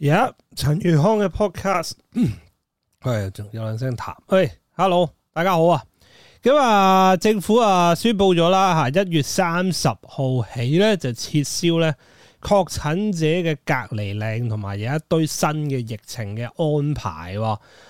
而家陳宇康嘅 podcast，係仲有兩聲談。喂，hey，hello，大家好啊！咁啊，政府啊宣佈咗啦吓，一月三十號起咧，就撤銷咧確診者嘅隔離令，同埋有一堆新嘅疫情嘅安排。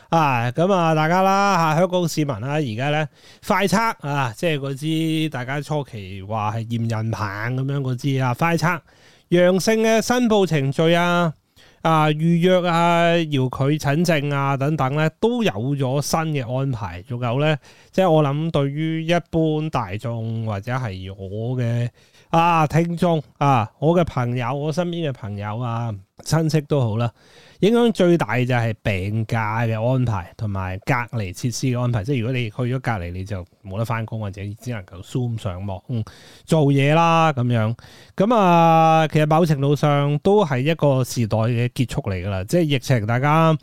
啊，咁啊，大家啦吓，香港市民啦，而家咧快測啊，即係嗰支大家初期話係驗孕棒咁樣嗰支啊，快測陽性嘅申報程序啊。啊，預約啊，要佢診症啊，等等咧，都有咗新嘅安排。仲有咧，即係我諗對於一般大眾或者係我嘅啊聽眾啊，我嘅朋友，我身邊嘅朋友啊。親戚都好啦，影響最大就係病假嘅安排同埋隔離設施嘅安排，即係如果你去咗隔離，你就冇得翻工或者只能夠 Zoom 上網、嗯，做嘢啦咁樣。咁啊，其實某程度上都係一個時代嘅結束嚟噶啦，即係疫情，大家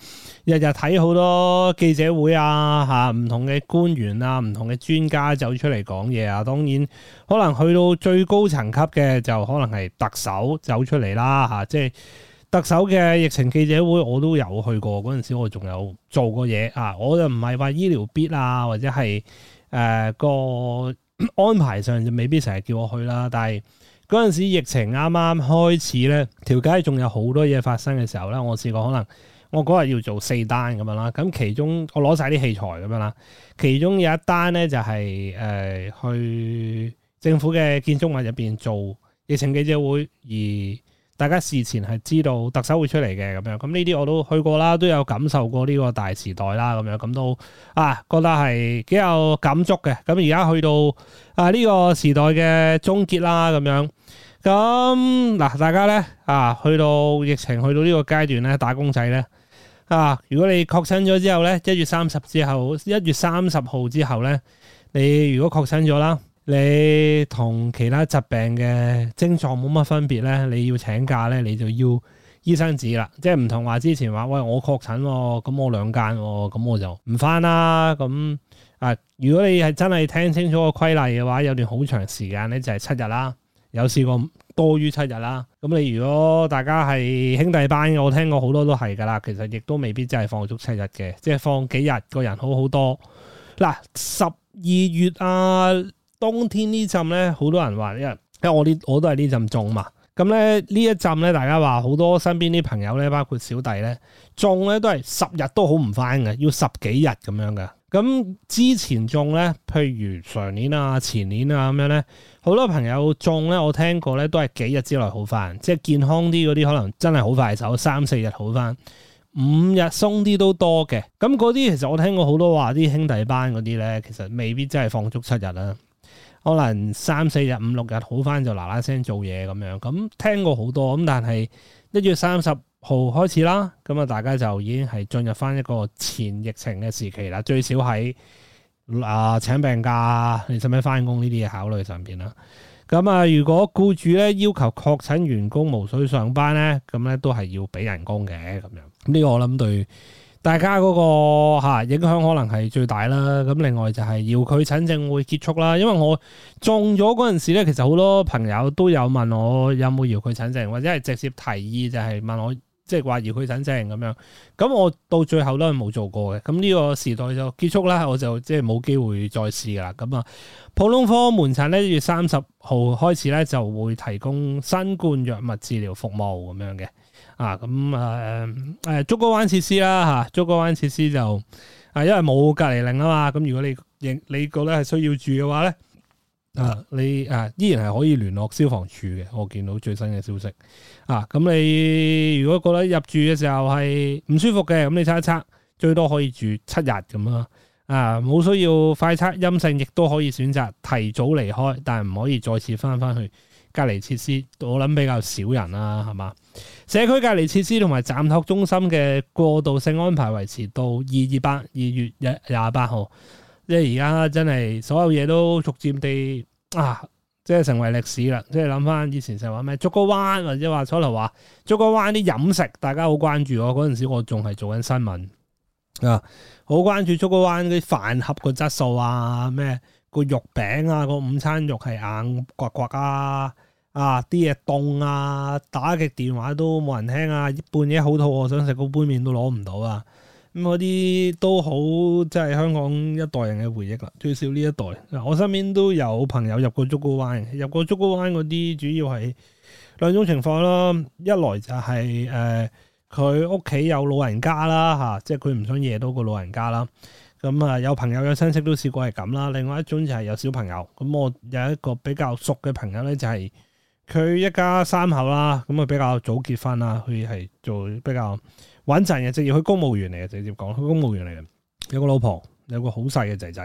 日日睇好多記者會啊，吓、啊、唔同嘅官員啊，唔同嘅專家走出嚟講嘢啊，當然可能去到最高層級嘅就可能係特首走出嚟啦，吓、啊、即係。特首嘅疫情記者會我都有去過，嗰陣時我仲有做過嘢啊！我又唔係話醫療必啊，或者係誒、呃、個安排上就未必成日叫我去啦。但係嗰陣時疫情啱啱開始咧，條街仲有好多嘢發生嘅時候咧，我試過可能我嗰日要做四單咁樣啦，咁其中我攞晒啲器材咁樣啦，其中有一單咧就係、是、誒、呃、去政府嘅建築物入邊做疫情記者會而。大家事前係知道特首會出嚟嘅咁樣，咁呢啲我都去過啦，都有感受過呢個大時代啦，咁樣咁都啊覺得係幾有感觸嘅。咁而家去到啊呢個時代嘅終結啦，咁樣咁嗱，大家呢，啊去到疫情去到呢個階段咧，打工仔呢，啊，如果你確診咗之後呢，一月三十之後，一月三十號之後呢，你如果確診咗啦。你同其他疾病嘅症狀冇乜分別呢？你要請假呢，你就要醫生紙啦。即係唔同話之前話，喂，我確診喎，咁、嗯、我兩間喎，咁、嗯、我就唔返啦。咁、嗯、啊，如果你係真係聽清楚個規例嘅話，有段好長時間呢就係七日啦。有試過多於七日啦。咁、嗯、你如果大家係兄弟班嘅，我聽過好多都係噶啦。其實亦都未必真係放足七日嘅，即係放幾日個人好好多嗱。十二月啊～冬天呢陣咧，好多人話，因為因為我呢，我都係呢陣種嘛。咁咧呢一陣咧，大家話好多身邊啲朋友咧，包括小弟咧，種咧都係十日都好唔翻嘅，要十幾日咁樣嘅。咁之前種咧，譬如上年啊、前年啊咁樣咧，好多朋友種咧，我聽過咧都係幾日之內好翻，即係健康啲嗰啲可能真係好快手，三四日好翻，五日鬆啲都多嘅。咁嗰啲其實我聽過好多話，啲兄弟班嗰啲咧，其實未必真係放足七日啦。可能三四日、五六日好翻就嗱嗱聲做嘢咁樣，咁聽過好多咁，但係一月三十號開始啦，咁啊大家就已經係進入翻一個前疫情嘅時期啦，最少喺啊、呃、請病假，你使唔使翻工呢啲嘢考慮上邊啦。咁、嗯、啊，如果僱主咧要求確診員工無須上班咧，咁咧都係要俾人工嘅咁樣。呢、嗯呢個我諗對。大家嗰個影響可能係最大啦，咁另外就係遙距診症會結束啦。因為我中咗嗰陣時咧，其實好多朋友都有問我有冇遙距診症，或者係直接提議就係問我即係話遙距診症。咁樣。咁我到最後都係冇做過嘅。咁呢個時代就結束啦，我就即係冇機會再試㗎啦。咁啊，普通科門診咧，一月三十號開始咧就會提供新冠藥物治療服務咁樣嘅。啊，咁啊，誒，竹篙灣設施啦，嚇、啊，竹篙灣設施就，誒、啊，因為冇隔離令啊嘛，咁如果你認你覺得係需要住嘅話咧，啊，你啊依然係可以聯絡消防處嘅，我見到最新嘅消息，啊，咁你如果覺得入住嘅時候係唔舒服嘅，咁你測一測，最多可以住七日咁啦。啊，冇需要快測陰性，亦都可以選擇提早離開，但係唔可以再次翻翻去。隔離設施我諗比較少人啦，係嘛？社區隔離設施同埋暫托中心嘅過渡性安排維持到二二八二月廿廿八號。即係而家真係所有嘢都逐漸地啊，即係成為歷史啦。即係諗翻以前成日話咩竹篙灣或者話初頭話竹篙灣啲飲食，大家好關注我。嗰陣時我仲係做緊新聞啊，好關注竹篙灣啲飯盒個質素啊，咩個肉餅啊，個午餐肉係硬刮刮啊～啊！啲嘢凍啊，打極電話都冇人聽啊！半夜好肚餓，想食個杯麵都攞唔到啊！咁嗰啲都好，即係香港一代人嘅回憶啦、啊。最少呢一代、啊，我身邊都有朋友入過竹篙灣，入過竹篙灣嗰啲主要係兩種情況啦。一來就係誒佢屋企有老人家啦嚇、啊，即係佢唔想惹到個老人家啦。咁啊，有朋友有親戚都試過係咁啦。另外一種就係有小朋友。咁我有一個比較熟嘅朋友呢，就係、是。佢一家三口啦，咁啊比較早結婚啦，佢係做比較穩陣嘅職業，佢公務員嚟嘅，直接講，佢公務員嚟嘅，有個老婆，有個好細嘅仔仔。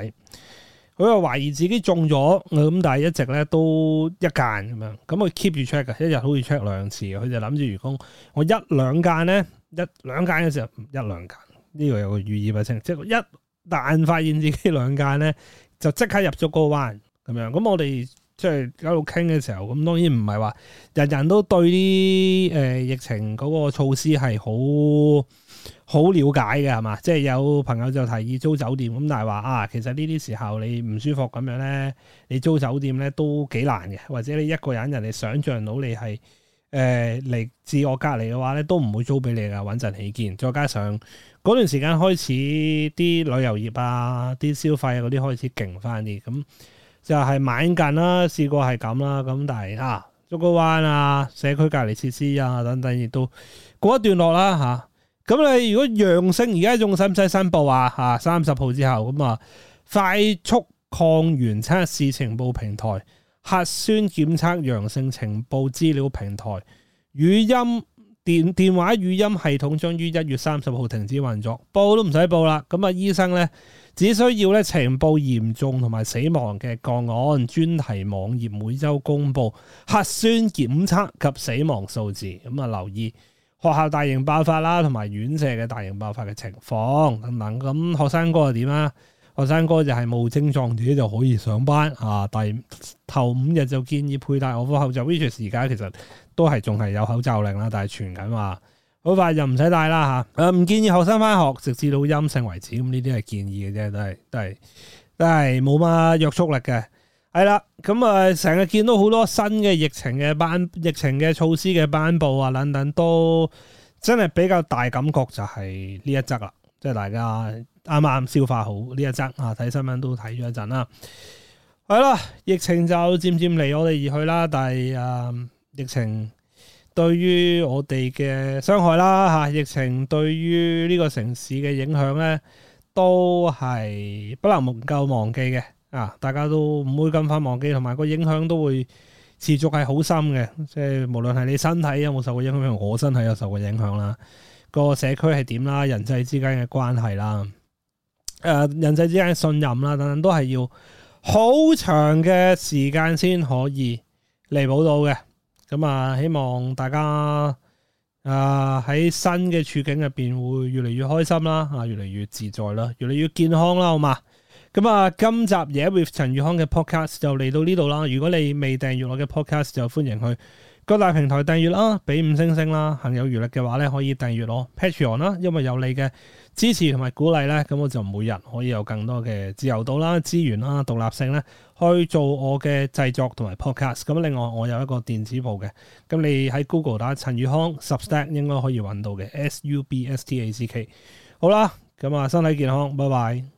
佢又懷疑自己中咗，咁但係一直咧都一間咁樣，咁佢 keep 住 check 嘅，一日好似 check 兩次，佢就諗住如果，我一兩間咧，一兩間嘅時候一兩間，呢個有個寓意唔清，即係一旦發現自己兩間咧，就即刻入咗個彎咁樣，咁我哋。即係喺度傾嘅時候，咁當然唔係話人人都對啲誒、呃、疫情嗰個措施係好好了解嘅，係嘛？即係有朋友就提議租酒店，咁但係話啊，其實呢啲時候你唔舒服咁樣咧，你租酒店咧都幾難嘅，或者你一個人，人哋想象到你係誒嚟自我隔離嘅話咧，都唔會租俾你噶，穩陣起見。再加上嗰段時間開始，啲旅遊業業啊、啲消費啊嗰啲開始勁翻啲，咁、嗯。就係晚近啦，試過係咁啦，咁但係啊，竹篙灣啊，社區隔離設施啊等等，亦都過一段落啦、啊、吓，咁、啊、你如果陽性，而家仲使唔使申報啊？嚇、啊，三十號之後咁啊，快速抗原測試情報平台、核酸檢測陽性情報資料平台、語音。電電話語音系統將於一月三十號停止運作，報都唔使報啦。咁啊，醫生咧只需要咧呈報嚴重同埋死亡嘅個案，專題網頁每周公布核酸檢測及死亡數字。咁啊，留意學校大型爆發啦，同埋院舍嘅大型爆發嘅情況。嗱，咁學生哥又點啊？學生哥就係冇症狀自己就可以上班啊，第頭五日就建議佩戴外科口罩。Which is 而家其實都係仲係有口罩令啦，但係傳緊話好快就唔使戴啦吓。唔、啊、建議學生翻學直至到陰性為止。咁呢啲係建議嘅啫，都係都係都係冇乜約束力嘅。係啦，咁啊成日見到好多新嘅疫情嘅頒疫情嘅措施嘅頒布啊等等，都真係比較大感覺就係呢一則啦。即係大家啱啱消化好呢一則啊，睇新聞都睇咗一陣啦。係啦，疫情就漸漸離我哋而去啦。但係，嗯，疫情對於我哋嘅傷害啦吓，啊，疫情對於呢個城市嘅影響咧，都係不能夠忘記嘅啊！大家都唔會咁快忘記，同埋個影響都會持續係好深嘅。即係無論係你身體有冇受過影響，我身體有受過影響啦。啊個社區係點啦，人際之間嘅關係啦，誒、呃，人際之間嘅信任啦，等等都係要好長嘅時間先可以彌補到嘅。咁、嗯、啊，希望大家誒喺、呃、新嘅處境入邊會越嚟越開心啦，啊，越嚟越自在啦，越嚟越健康啦，好嘛？咁、嗯、啊、嗯，今集嘢 with 陳宇康嘅 podcast 就嚟到呢度啦。如果你未訂閱我嘅 podcast，就歡迎去。各大平台訂閱啦，俾五星星啦。行有餘力嘅話咧，可以訂閱我 p a t r o n 啦，Patreon, 因為有你嘅支持同埋鼓勵咧，咁我就每日可以有更多嘅自由度啦、資源啦、獨立性咧，去做我嘅製作同埋 Podcast。咁另外我有一個電子報嘅，咁你喺 Google 打陳宇康 Substack 應該可以揾到嘅，S U B S T A C K。好啦，咁啊，身體健康，拜拜。